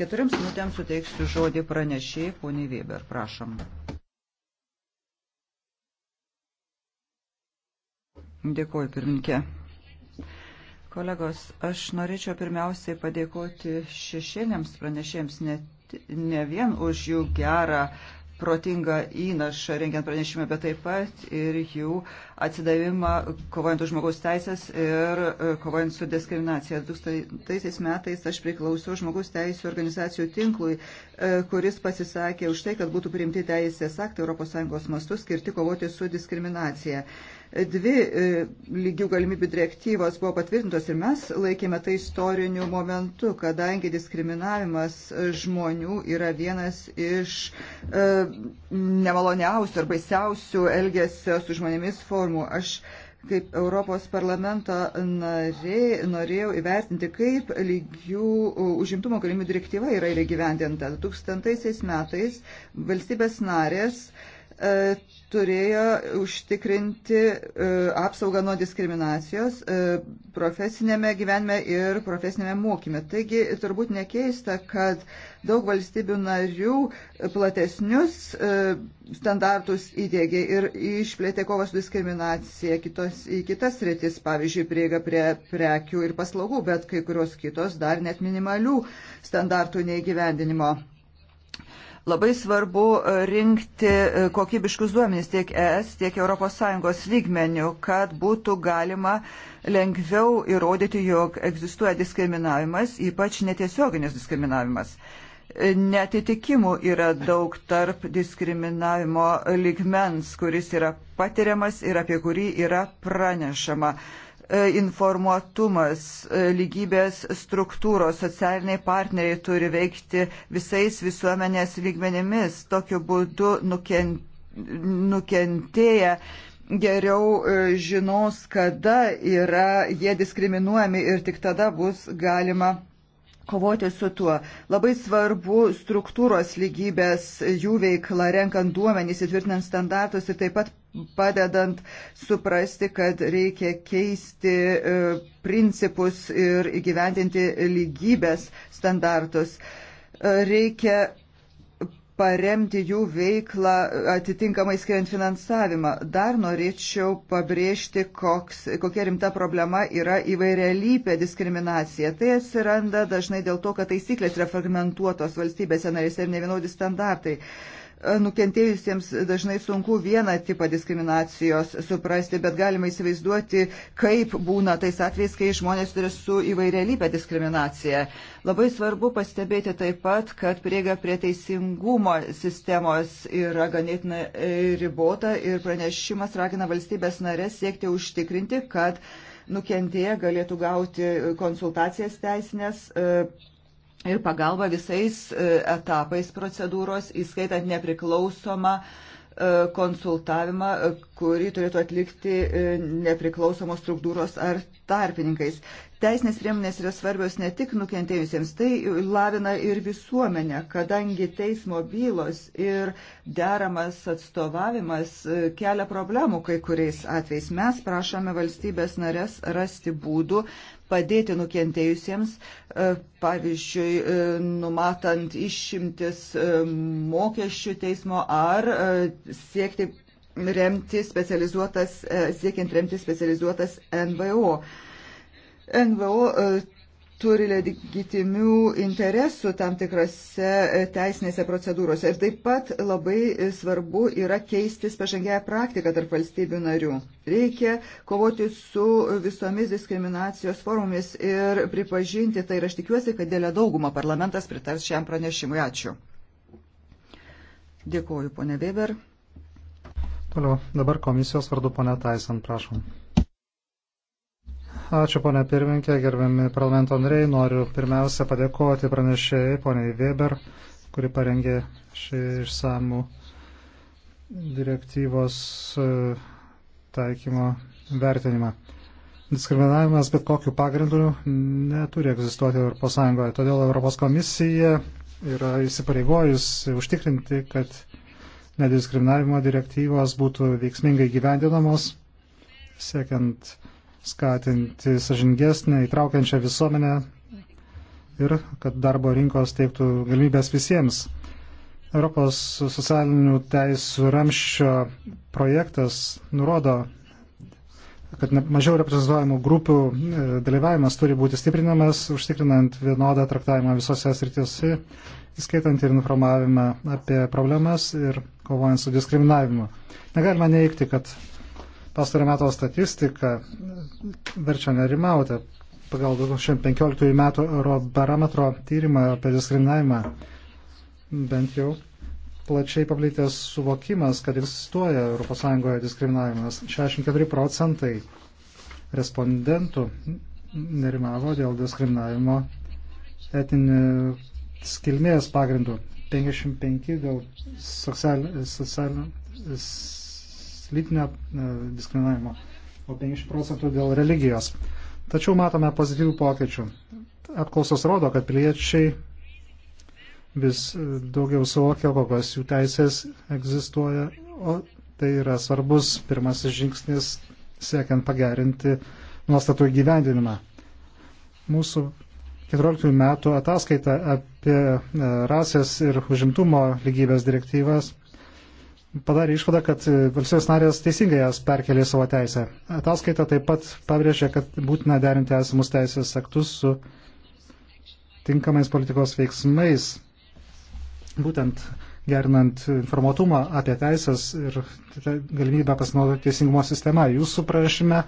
Keturiams minutėms suteiksiu žodį pranešėjai, poniai Weber, prašom. Dėkuoju, pirminkė. Kolegos, aš norėčiau pirmiausiai padėkoti šešėliams pranešėjams ne, ne vien už jų gerą protingą įnašą rengiant pranešimą, bet taip pat ir jų atsidavimą kovojant už žmogaus teisės ir e, kovojant su diskriminacija. 2000 metais aš priklausiau žmogaus teisų organizacijų tinklui, e, kuris pasisakė už tai, kad būtų priimti teisės aktai ES mastu skirti kovoti su diskriminacija. Dvi e, lygių galimybių direktyvos buvo patvirtintos ir mes laikėme tai istoriniu momentu, kadangi diskriminavimas žmonių yra vienas iš e, nemaloniausių ar baisiausių elgesio su žmonėmis formų. Aš kaip Europos parlamento narė norėjau įvertinti, kaip lygių e, užimtumo galimybių direktyva yra įgyvendinta. 2000 metais valstybės narės uh, E, turėjo užtikrinti e, apsaugą nuo diskriminacijos e, profesinėme gyvenime ir profesinėme mokyme. Taigi turbūt nekeista, kad daug valstybių narių platesnius standartus įdėgė ir išplėtė kovas su diskriminacija kitos, į kitas rytis, pavyzdžiui, prieiga prie prekių ir paslaugų, bet kai kurios kitos dar net minimalių standartų neįgyvendinimo Labai svarbu e, rinkti e, kokybiškus duomenys tiek ES, tiek ES lygmenių, kad būtų galima lengviau įrodyti, jog egzistuoja diskriminavimas, ypač netiesioginis diskriminavimas. E, netitikimų yra daug tarp diskriminavimo ligmens, kuris yra patiriamas ir apie kurį yra pranešama. E, informuotumas, e, lygybės struktūros, socialiniai partneriai turi veikti visais visuomenės lygmenimis, tokiu būdu nukentėję geriau e, žinos, kada yra jie diskriminuojami ir tik tada bus galima kovoti su tuo. Labai svarbu struktūros lygybės, jų veikla, renkant duomenys, įtvirtinant standartus ir taip pat padedant suprasti, kad reikia keisti e, principus ir įgyvendinti lygybės standartus. E, reikia paremti jų veiklą atitinkamai skiriant finansavimą. Dar norėčiau pabrėžti, koks, kokia rimta problema yra įvairialypė diskriminacija. Tai atsiranda dažnai dėl to, kad taisyklės yra fragmentuotos valstybėse narėse ir nevienodi standartai. Nukentėjusiems dažnai sunku vieną tipą diskriminacijos suprasti, bet galima įsivaizduoti, kaip būna tais atvejais, kai žmonės turi su įvairialybė diskriminacija. Labai svarbu pastebėti taip pat, kad prieiga prie teisingumo sistemos yra ganėtinai e, ribota ir pranešimas ragina valstybės narės siekti užtikrinti, kad nukentėję galėtų gauti konsultacijas teisinės e, ir pagalba visais e, etapais procedūros, įskaitant nepriklausomą e, konsultavimą, e, kurį turėtų atlikti nepriklausomos struktūros ar tarpininkais. Teisinės priemonės yra svarbios ne tik nukentėjusiems, tai lavina ir visuomenę, kadangi teismo bylos ir deramas atstovavimas kelia problemų kai kuriais atvejais. Mes prašome valstybės narės rasti būdų, padėti nukentėjusiems, e, pavyzdžiui, e, numatant išimtis e, mokesčių teismo ar siekti remti specializuotas, siekiant remti specializuotas NVO. NVO turi legitimių interesų tam tikrose e, teisinėse procedūrose. Ir taip pat labai e, svarbu yra keistis pažangiają praktiką tarp valstybių narių. Reikia kovoti su visomis diskriminacijos formomis ir pripažinti tai. Ir aš tikiuosi, kad dėlė daugumą parlamentas pritars šiam pranešimui. Ačiū. Dėkuoju, ponė Weber. Toliau, dabar komisijos vardu ponė Taisen, prašom. Ačiū, ponė pirmininkė, gerbiami parlamento nariai. Noriu pirmiausia padėkoti pranešėjai, poniai Weber, kuri parengė šį išsamų direktyvos e, taikymo vertinimą. Diskriminavimas bet kokiu pagrindu neturi egzistuoti ES. Todėl ES komisija yra įsipareigojusi užtikrinti, kad nediskriminavimo direktyvos būtų veiksmingai gyvendinamos, siekiant skatinti sažingesnę, įtraukiančią visuomenę ir kad darbo rinkos teiktų galimybės visiems. Europos socialinių teisų ramščio projektas nurodo, kad mažiau reprezentuojamų grupių e, dalyvavimas turi būti stiprinamas, užtikrinant vienodą traktavimą visose srityse, įskaitant ir informavimą apie problemas ir kovojant su diskriminavimu. Negalima neikti, kad pastarų metų statistika verčia nerimauti. Pagal 2015 metų Eurobarometro tyrimą apie diskriminavimą bent jau plačiai paplitęs suvokimas, kad egzistuoja ES diskriminavimas. 64 procentai respondentų nerimavo dėl diskriminavimo etinės kilmės pagrindų. 55 dėl socialinio lytinio e, diskriminavimo, o 50 procentų dėl religijos. Tačiau matome pozityvių pokyčių. Apklausos rodo, kad piliečiai vis daugiau suvokia, kokios jų teisės egzistuoja, o tai yra svarbus pirmasis žingsnis siekiant pagerinti nuostatų įgyvendinimą. Mūsų 14 metų ataskaita apie e, rasės ir užimtumo lygybės direktyvas padarė išvadą, kad e, valstybės narės teisingai jas perkelė savo teisę. Ataskaita taip pat pabrėžė, kad būtina derinti esamus teisės aktus su tinkamais politikos veiksmais, būtent gerinant informatumą apie teisės ir galimybę pasinaudoti teisingumo sistema. Jūsų prašyme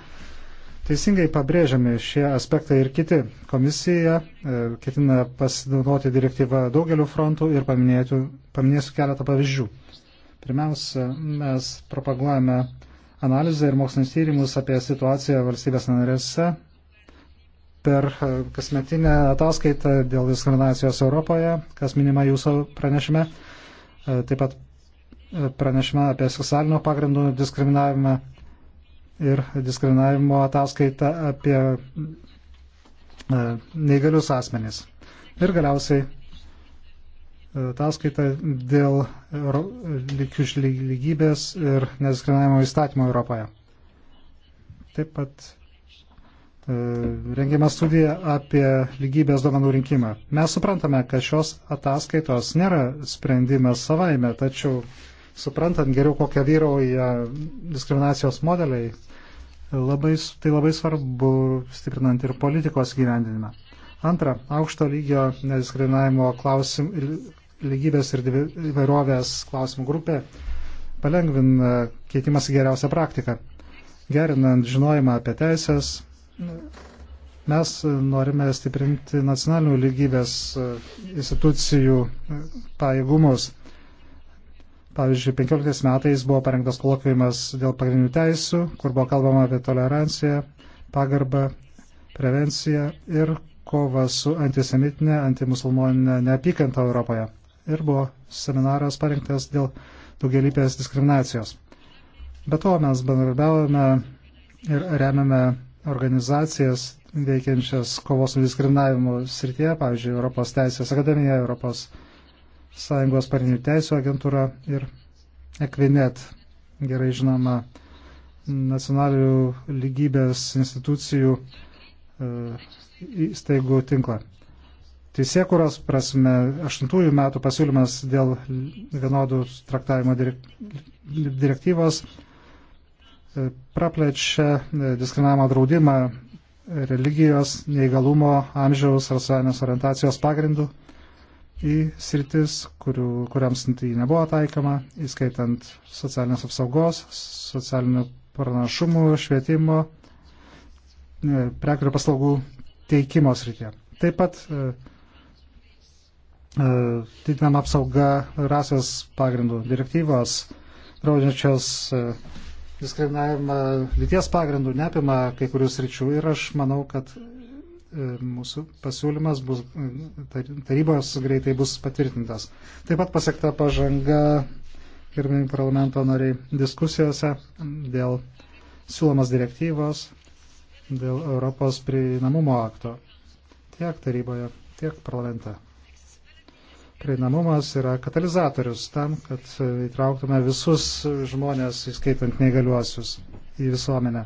teisingai pabrėžiami šie aspektai ir kiti. Komisija e, ketina pasinaudoti direktyvą daugeliu frontų ir paminėsiu keletą pavyzdžių. Pirmiausia, mes propaguojame analizę ir mokslinius tyrimus apie situaciją valstybės narėse per e, kasmetinę ataskaitą dėl diskriminacijos Europoje, kas minima jūsų pranešime, e, taip pat e, pranešime apie seksualinio pagrindų diskriminavimą ir diskriminavimo ataskaitą apie neįgalius asmenys. Ir galiausiai ataskaitą dėl lygių lygybės ir nediskriminavimo įstatymo Europoje. Taip pat e, rengiama studija apie lygybės duomenų rinkimą. Mes suprantame, kad šios ataskaitos nėra sprendimas savaime, tačiau suprantant geriau, kokie vyrauja diskriminacijos modeliai, labai, tai labai svarbu stiprinant ir politikos gyvendinimą. Antra, aukšto lygio nediskriminavimo klausim, lygybės ir įvairovės klausimų grupė palengvina keitimas į geriausią praktiką. Gerinant žinojimą apie teisės, mes norime stiprinti nacionalinių lygybės e, institucijų e, pajėgumus. Pavyzdžiui, 15 metais buvo parengtas kolokvimas dėl pagrindinių teisų, kur buvo kalbama apie toleranciją, pagarbą, prevenciją ir kovą su antisemitinė, antimusulmoninė neapykanta Europoje ir buvo seminaras parengtas dėl daugelįpės diskriminacijos. Be to mes bendradarbiavome ir remiame organizacijas veikiančias kovos su diskriminavimu srityje, pavyzdžiui, Europos Teisės akademija, Europos Sąjungos parinių teisų agentūra ir Equinet, gerai žinoma, nacionalinių lygybės institucijų e, įstaigų tinklą. Teisėkuros prasme, aštuntųjų metų pasiūlymas dėl vienodų traktavimo direktyvos e, praplečia e, diskriminavimo draudimą religijos, neįgalumo, amžiaus ar socialinės orientacijos pagrindų į sritis, kurių, kuriams tai nebuvo taikoma, įskaitant socialinės apsaugos, socialinių pranašumų, švietimo, e, prekių ir paslaugų teikimo srityje. Taip pat E, didinama apsauga rasės pagrindų direktyvos, draudžiančios e, diskriminavimą lyties pagrindų, neapima kai kurius ryčių ir aš manau, kad e, mūsų pasiūlymas bus, tarybos greitai bus patvirtintas. Taip pat pasiekta pažanga gerbėjim parlamento nariai diskusijose dėl siūlomas direktyvos, dėl Europos prieinamumo akto tiek taryboje, tiek parlamente prieinamumas yra katalizatorius tam, kad įtrauktume visus žmonės, įskaitant neįgaliuosius, į visuomenę.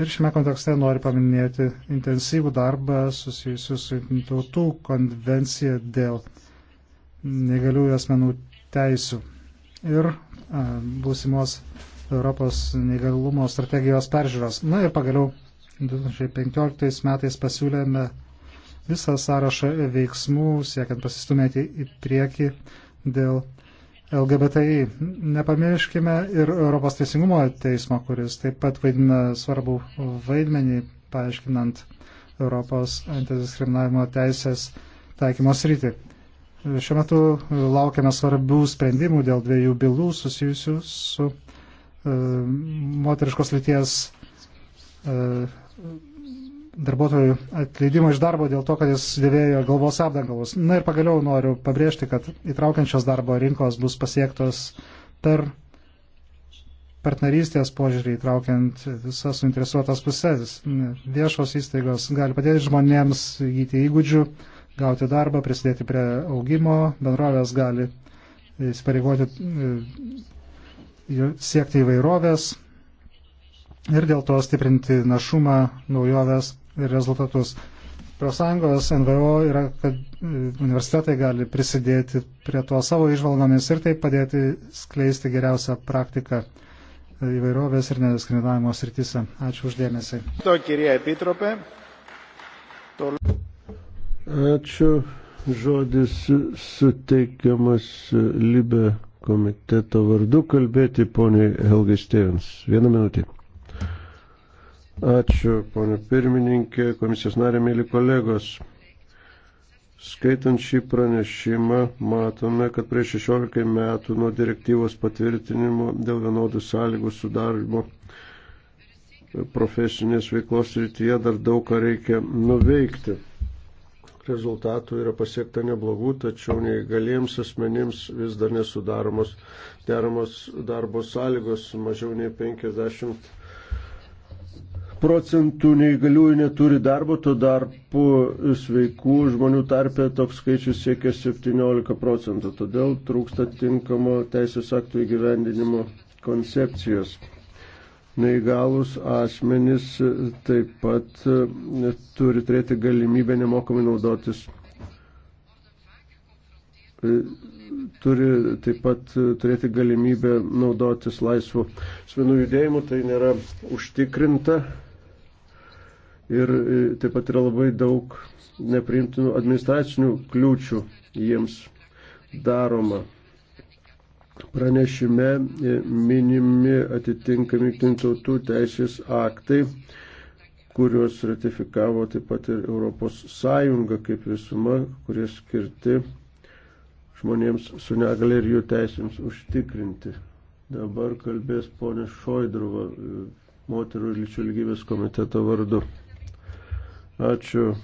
Ir šiame kontekste noriu paminėti intensyvų darbą susijusiu su tautų konvencija dėl neįgaliųjų asmenų teisių ir būsimos Europos neįgalumo strategijos peržiūros. Na ir pagaliau 2015 metais pasiūlėme visą sąrašą veiksmų, siekiant pasistumėti į priekį dėl LGBTI. Nepamirškime ir Europos teisingumo teismo, kuris taip pat vaidina svarbų vaidmenį, paaiškinant Europos antidiskriminavimo teisės taikymos rytį. Šiuo metu laukiame svarbių sprendimų dėl dviejų bylų susijusių su e, moteriškos lyties e, darbuotojų atleidimo iš darbo dėl to, kad jis dėvėjo galvos apdangalus. Na ir pagaliau noriu pabrėžti, kad įtraukiančios darbo rinkos bus pasiektos per partnerystės požiūrį įtraukiant visas suinteresuotas pusės. Viešos įstaigos gali padėti žmonėms įgyti įgūdžių, gauti darbą, prisidėti prie augimo, bendrovės gali įsipareigoti e, siekti įvairovės ir dėl to stiprinti našumą, naujoves rezultatus. Profsąjungos NVO yra, kad e, universitetai gali prisidėti prie to savo išvalgomis ir taip padėti skleisti geriausią praktiką e, įvairovės ir nediskriminavimo srityse. Ačiū uždėmesį. Ačiū. Žodis suteikiamas Libe komiteto vardu kalbėti poniai Helgai Stevens. Vieną minutį. Ačiū, ponė pirmininkė, komisijos narė, mėly kolegos. Skaitant šį pranešimą, matome, kad prieš 16 metų nuo direktyvos patvirtinimo dėl vienodų sąlygų sudarimo profesinės veiklos rytyje dar daug ką reikia nuveikti. Rezultatų yra pasiekta neblogų, tačiau neįgaliems asmenims vis dar nesudaromos deramos darbo sąlygos mažiau nei 50 procentų neįgaliųjų neturi darbo, tuo tarpu sveikų žmonių tarpė toks skaičius siekia 17 procentų, todėl trūksta tinkamo teisės aktų įgyvendinimo koncepcijos. Neįgalus asmenys taip pat e, turi turėti galimybę nemokamai naudotis e, turi taip pat e, turėti galimybę naudotis laisvu asmenų judėjimu, tai nėra užtikrinta ir e, taip pat yra labai daug nepriimtinų administracinių kliūčių jiems daroma. Pranešime e, minimi atitinkami tautų teisės aktai, kuriuos ratifikavo taip pat ir Europos Sąjunga kaip visuma, kurie skirti žmonėms su negale ir jų teisėms užtikrinti. Dabar kalbės ponė Šoidrova, e, moterų ir lyčių lygybės komiteto vardu. Ačiū.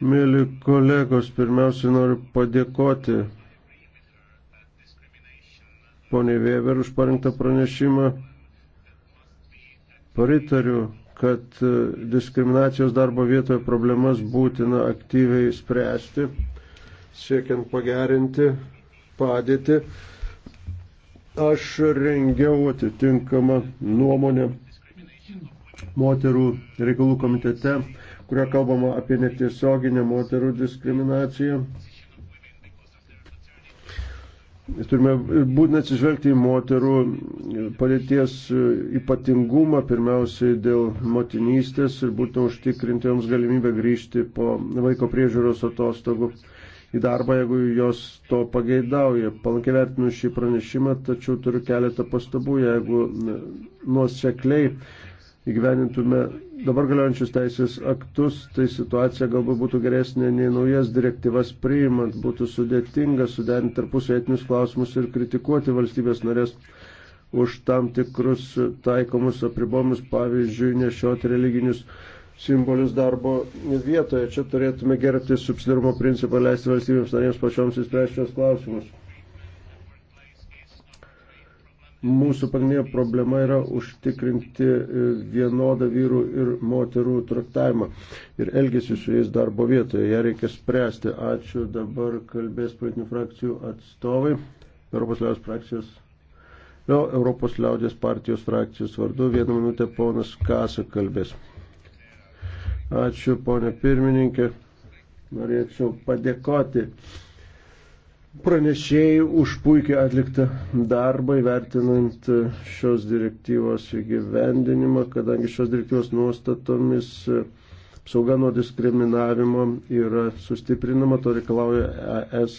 Mėly kolegos, pirmiausiai noriu padėkoti poniai Weber už parinktą pranešimą. Pritariu, kad diskriminacijos darbo vietoje problemas būtina aktyviai spręsti, siekiant pagerinti padėtį. Aš rengiau atitinkamą nuomonę moterų reikalų komitete, kurio kalbama apie netiesioginę moterų diskriminaciją. Turime būtent atsižvelgti į moterų padėties ypatingumą, pirmiausiai dėl motinystės ir būtent užtikrinti joms galimybę grįžti po vaiko priežiūros atostogų į darbą, jeigu jos to pageidauja. Palankiai vertinu šį pranešimą, tačiau turiu keletą pastabų, jeigu nuosekliai įgyvenintume dabar galiojančius teisės aktus, tai situacija galbūt būtų geresnė nei naujas direktyvas priimant, būtų sudėtinga suderinti tarpusio etinius klausimus ir kritikuoti valstybės norės už tam tikrus taikomus apribomus, pavyzdžiui, nešioti religinius simbolius darbo vietoje. Čia turėtume gerbti subsidarumo principą, leisti valstybėms narėms pačioms įspręsti šios klausimus. Mūsų pagrindinė problema yra užtikrinti e, vienodą vyrų ir moterų traktavimą ir elgesi su jais darbo vietoje. Ja reikia spręsti. Ačiū. Dabar kalbės politinių frakcijų atstovai. Europos liaudės frakcijos. Jo, Europos liaudės partijos frakcijos vardu. Vieną minutę ponas Kasa kalbės. Ačiū, ponė pirmininkė. Norėčiau padėkoti pranešėjai už puikiai atliktą darbą įvertinant šios direktyvos įgyvendinimą, kadangi šios direktyvos nuostatomis sauga nuo diskriminavimo yra sustiprinama, to reikalauja ES.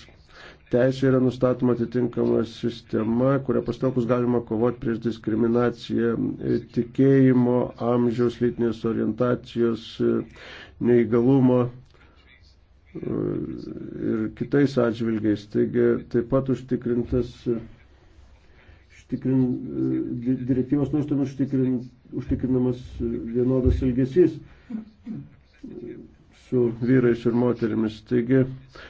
Teisė yra nustatoma atitinkama sistema, kurią pastokus galima kovoti prieš diskriminaciją tikėjimo, amžiaus, lytinės orientacijos, neįgalumo ir kitais atžvilgiais. Taigi taip pat užtikrintas užtikrin, direktyvos nuostatų užtikrin, užtikrinamas vienodas elgesys su vyrais ir moterimis. Taigi,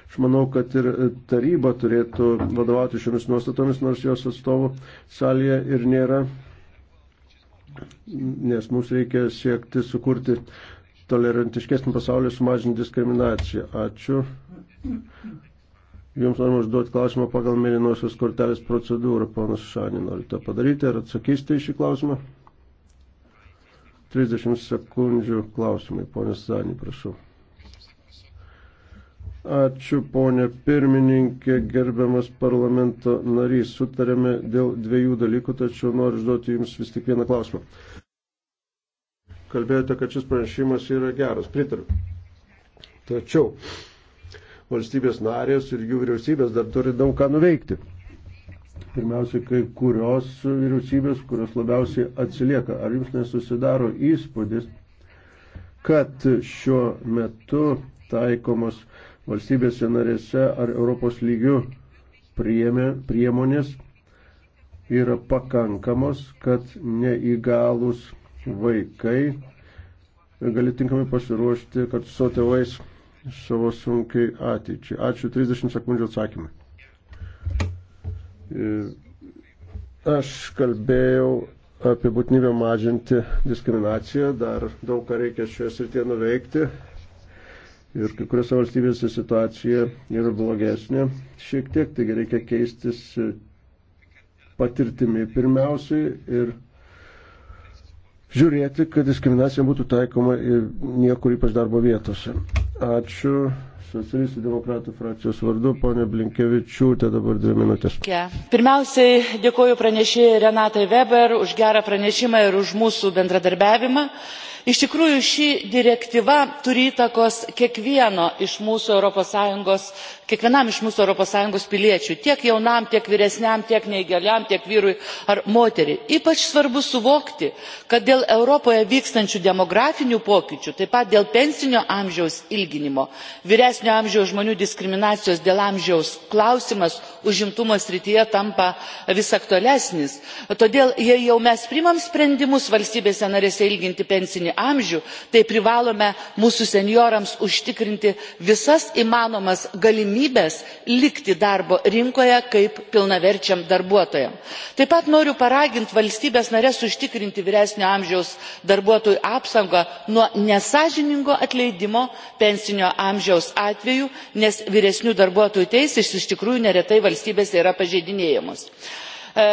aš manau, kad ir taryba turėtų vadovauti šiomis nuostatomis, nors jos atstovų salėje ir nėra, nes mums reikia siekti sukurti tolerantiškesnį pasaulį sumažinti diskriminaciją. Ačiū. Jums norime užduoti klausimą pagal mėlynosios kortelės procedūrą. Ponas Šanį norite padaryti ir atsakysite į šį klausimą? 30 sekundžių klausimai. Ponas Zanį, prašau. Ačiū, ponė pirmininkė, gerbiamas parlamento narys. Sutarėme dėl dviejų dalykų, tačiau noriu užduoti Jums vis tik vieną klausimą kalbėjote, kad šis pranešimas yra geras, pritariu. Tačiau valstybės narės ir jų vyriausybės dar turi daug ką nuveikti. Pirmiausia, kai kurios vyriausybės, kurios labiausiai atsilieka. Ar jums nesusidaro įspūdis, kad šiuo metu taikomos valstybėse narėse ar Europos lygių priemė, priemonės yra pakankamos, kad neįgalus vaikai gali tinkamai pasiruošti kartu su tėvais savo sunkiai ateičiai. Ačiū, 30 sekundžių atsakymai. E, aš kalbėjau apie būtinybę mažinti diskriminaciją, dar daug ką reikia šioje srityje nuveikti. Ir kai kuriuose valstybėse situacija yra blogesnė šiek tiek, taigi reikia keistis patirtimi pirmiausiai ir žiūrėti, kad diskriminacija būtų taikoma ir niekur ypač darbo vietose. Ačiū. Socialistų demokratų frakcijos vardu, ponė Blinkevičiūtė, dabar dvi minutės. Pirmiausiai dėkoju pranešėjai Renatai Weber už gerą pranešimą ir už mūsų bendradarbiavimą. Iš tikrųjų, ši direktyva turi įtakos kiekvieno iš mūsų ES, kiekvienam iš mūsų ES piliečių, tiek jaunam, tiek vyresniam, tiek neįgaliam, tiek vyrui ar moteriai. Ypač svarbu suvokti, kad dėl Europoje vykstančių demografinių pokyčių, taip pat dėl pensinio amžiaus ilginimo, vyresnio vyresnio amžiaus žmonių diskriminacijos dėl amžiaus klausimas užimtumo srityje tampa vis aktualesnis todėl jei jau mes priimame sprendimus valstybėse narėse ilginti pensinį amžių tai privalome mūsų senjorams užtikrinti visas įmanomas galimybes likti darbo rinkoje kaip pilnaverčiams darbuotojams. taip pat noriu paraginti valstybes nares užtikrinti vyresnio amžiaus darbuotojų apsaugą nuo nesąžiningo atleidimo pensinio amžiaus atveju atvejų nes vyresnių darbuotojų teisės iš tikrųjų neretai valstybėse yra pažeidinėjamos. E,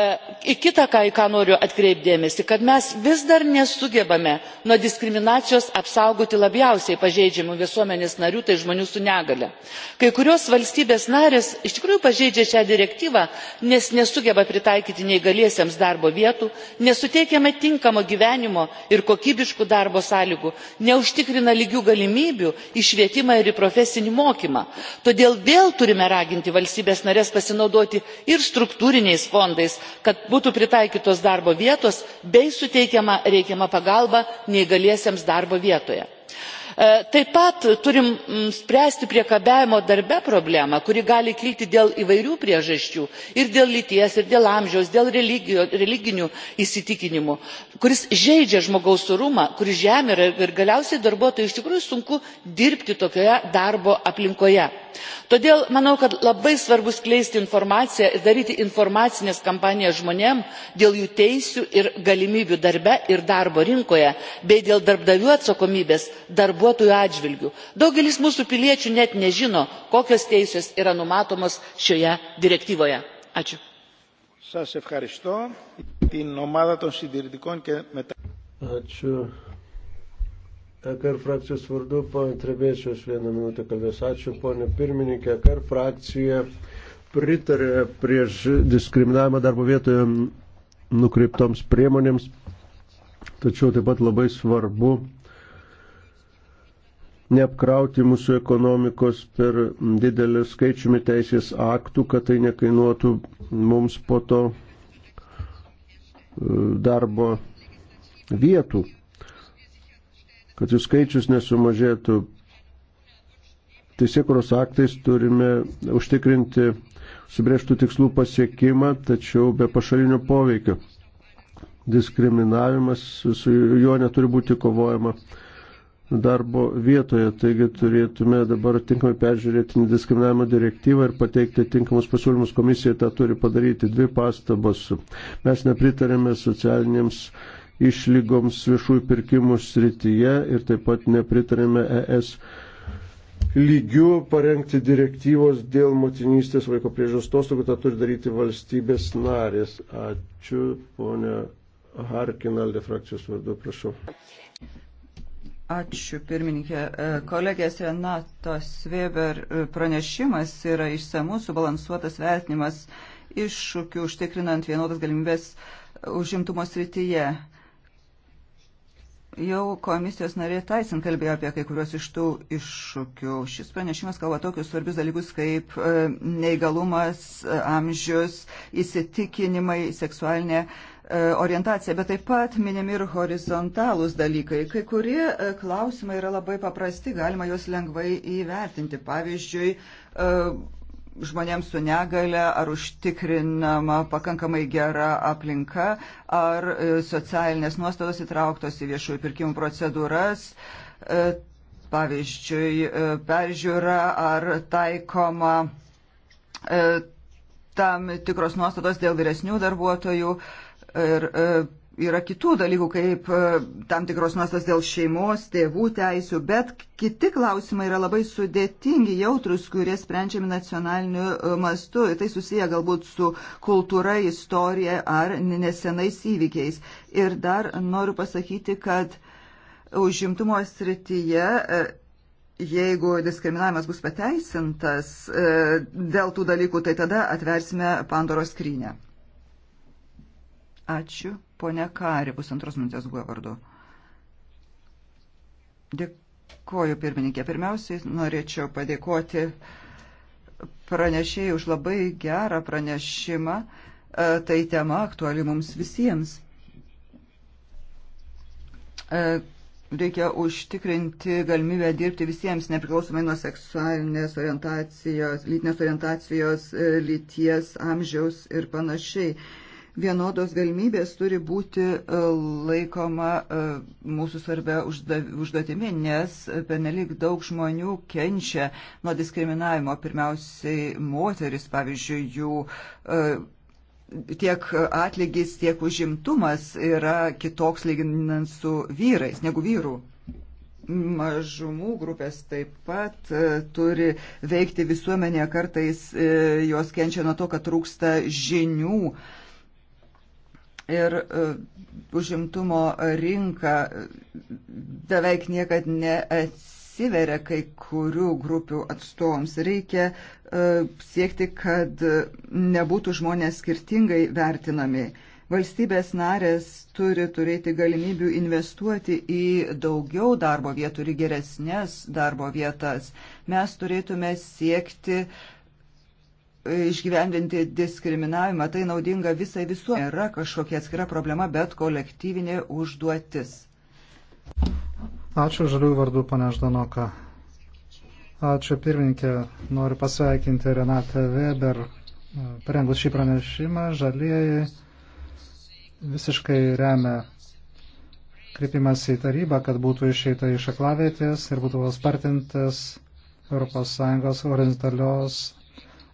į kitą į ką noriu atkreipti dėmesį kad mes vis dar nesugebame nuo diskriminacijos apsaugoti labiausiai pažeidžiamų visuomenės narių tai žmonių su negalia. kai kurios valstybės narės iš tikrųjų pažeidžia šią direktyvą nes nesugeba pritaikyti neįgaliesiems darbo vietų nesuteikiama tinkamo gyvenimo ir kokybiškų darbo sąlygų neužtikrina lygių galimybių į švietimą ir į profesinį mokymą. todėl vėl turime raginti valstybes nares pasinaudoti ir struktūriniais fondais metais kad būtų pritaikytos darbo vietos bei suteikiama reikiama pagalba neįgaliesiems darbo vietoje. E, taip pat turime spręsti priekabiavimo darbe problemą kuri gali kilti dėl įvairių priežasčių ir dėl lyties ir dėl amžiaus dėl religinių įsitikinimų kuris žeidžia žmogaus orumą kuris žemina ir galiausiai darbuotojui iš tikrųjų sunku dirbti tokioje darbo aplinkoje. todėl manau kad labai svarbu skleisti informaciją ir daryti informacines kampanijas žmonėms dėl jų teisių ir galimybių darbe ir darbo rinkoje bei dėl darbdavių atsakomybės darbuotojų darbuotojų atžvilgiu. daugelis mūsų piliečių net nežino kokios teisės yra numatomos šioje direktyvoje. Ačiū. Σας ευχαριστώ. Την ομάδα των συντηρητικών και μετά... Ačiū. EKR frakcijos vardu, ponė Trebėčios, vieną minutę kalbės. Ačiū, ponė pirmininkė. EKR frakcija pritarė prieš diskriminavimą darbo vietoje nukreiptoms priemonėms, tačiau taip pat labai svarbu neapkrauti mūsų ekonomikos per didelį skaičiumi teisės aktų, kad tai nekainuotų mums po to e, darbo vietų, kad jų skaičius nesumažėtų. Teisėkuros aktais turime užtikrinti subrėžtų tikslų pasiekimą, tačiau be pašalinio poveikio. Diskriminavimas, su juo neturi būti kovojama darbo vietoje. Taigi turėtume dabar tinkamai peržiūrėti nediskriminavimo direktyvą ir pateikti tinkamus pasiūlymus komisijai. Ta turi padaryti dvi pastabos. Mes nepritarėme socialinėms išlygoms viešųjų pirkimų srityje ir taip pat nepritarėme ES lygių parengti direktyvos dėl motinystės vaiko priežos atostogų, tą turi daryti valstybės narės. Ačiū, ponia Harkin, Alde frakcijos vardu, prašau. Ačiū, pirmininkė. E, Kolegės Renatos Weber e, pranešimas yra išsamus, subalansuotas vertinimas iššūkių užtikrinant vienodas galimybės užimtumo srityje. Jau komisijos narė Taisin kalbėjo apie kai kuriuos iš tų iššūkių. Šis pranešimas kalba tokius svarbius dalykus kaip e, neįgalumas, amžius, įsitikinimai, seksualinė E, orientacija, bet taip pat minimi ir horizontalūs dalykai. Kai kurie e, klausimai yra labai paprasti, galima juos lengvai įvertinti. Pavyzdžiui, e, žmonėms su negale, ar užtikrinama pakankamai gera aplinka, ar socialinės nuostatos įtrauktos į viešųjų pirkimų procedūras. Pavyzdžiui, peržiūra ar taikoma tam tikros nuostatos dėl vyresnių darbuotojų. Uh, Ir e, yra kitų dalykų, kaip e, tam tikros nuostos dėl šeimos, tėvų teisių, bet kiti klausimai yra labai sudėtingi, jautrus, kurie sprendžiami nacionaliniu e, mastu. Tai susiję galbūt su kultūra, istorija ar nesenais įvykiais. Ir dar noriu pasakyti, kad užimtumo srityje jeigu diskriminavimas bus pateisintas dėl tų dalykų, tai tada atversime Pandoros skrynę. Ačiū, ponia Kari, pusantros minutės guo vardu. Dėkoju, pirmininkė. Pirmiausiai norėčiau padėkoti pranešėjai už labai gerą pranešimą. E, tai tema aktuali mums visiems. E, reikia užtikrinti galimybę dirbti visiems, nepriklausomai nuo seksualinės orientacijos, lytinės orientacijos, e, lyties, amžiaus ir panašiai vienodos galimybės turi būti e, laikoma e, mūsų svarbia užduotimi, nes penelik daug žmonių kenčia nuo diskriminavimo, pirmiausiai moteris, pavyzdžiui, jų e, tiek atlygis, tiek užimtumas yra kitoks lyginant su vyrais negu vyrų mažumų grupės taip pat turi veikti visuomenėje, kartais jos kenčia nuo to, kad trūksta žinių ir e, užimtumo rinka e, beveik niekad neatsiveria kai kurių grupių atstovams. Reikia e, siekti, kad nebūtų žmonės skirtingai vertinami. Valstybės narės turi turėti galimybių investuoti į daugiau darbo vietų ir geresnės darbo vietas. Mes turėtume siekti uh, išgyvendinti diskriminavimą, tai naudinga visai visuomenė. Yra kažkokia atskira problema, bet kolektyvinė užduotis. Ačiū žalių vardų, pane Ždanoka. Ačiū pirmininkė, noriu pasveikinti Renatą Weber, parengus šį pranešimą, žalieji visiškai remia kreipimas į tarybą, kad būtų išeita iš aklavėtės ir būtų paspartintas ES horizontalios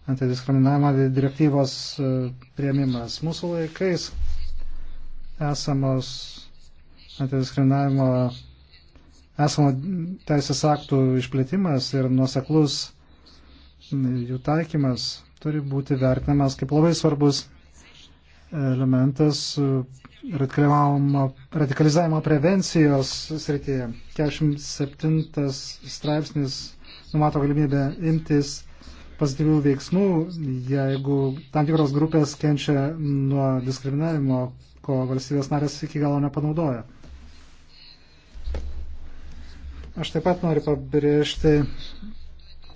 antidiskriminavimo direktyvos e, prieimimas. Mūsų laikais esamos antidiskriminavimo esamo teisės aktų išplėtimas ir nuoseklus jų taikymas turi būti vertinamas kaip labai svarbus elementas e, radikalizavimo prevencijos srityje. 47 straipsnis numato galimybę imtis pozityvių veiksmų, jeigu tam tikros grupės kenčia nuo diskriminavimo, ko valstybės narės iki galo nepanaudoja. Aš taip pat noriu pabrėžti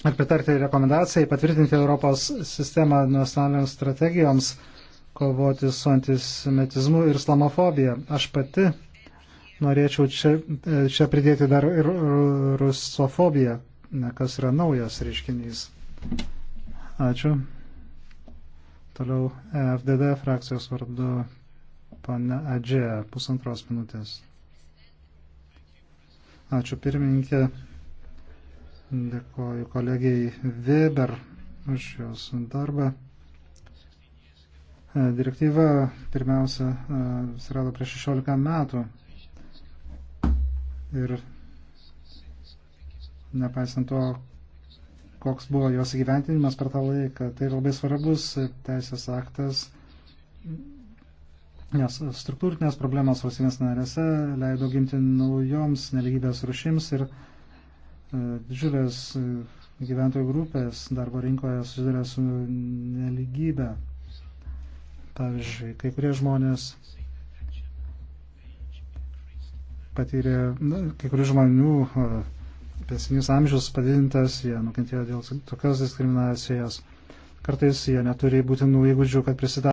ir pritarti rekomendacijai patvirtinti Europos sistemą nacionaliniams strategijoms kovoti su antisemitizmu ir islamofobija. Aš pati norėčiau čia, čia pridėti dar ir rusofobiją, kas yra naujas reiškinys. Ačiū. Toliau FDD frakcijos vardu pana Adžė, pusantros minutės. Ačiū pirmininkė. Dėkoju kolegijai Weber už jos darbą. Direktyva pirmiausia e, atsirado prieš 16 metų ir nepaisant to, koks buvo jos įgyventinimas per tą laiką. Tai labai svarbus teisės aktas, nes struktūrinės problemos valstybės narėse leido gimti naujoms neligybės rušims ir e, didžiulės e, gyventojų grupės darbo rinkoje susiduria su neligybė. Pavyzdžiui, kai kurie žmonės patyrė, na, kai kurių žmonių uh, pensinis amžius padidintas, jie nukentėjo dėl tokios diskriminacijos. Kartais jie neturi būtinų įgūdžių, kad prisidarytų.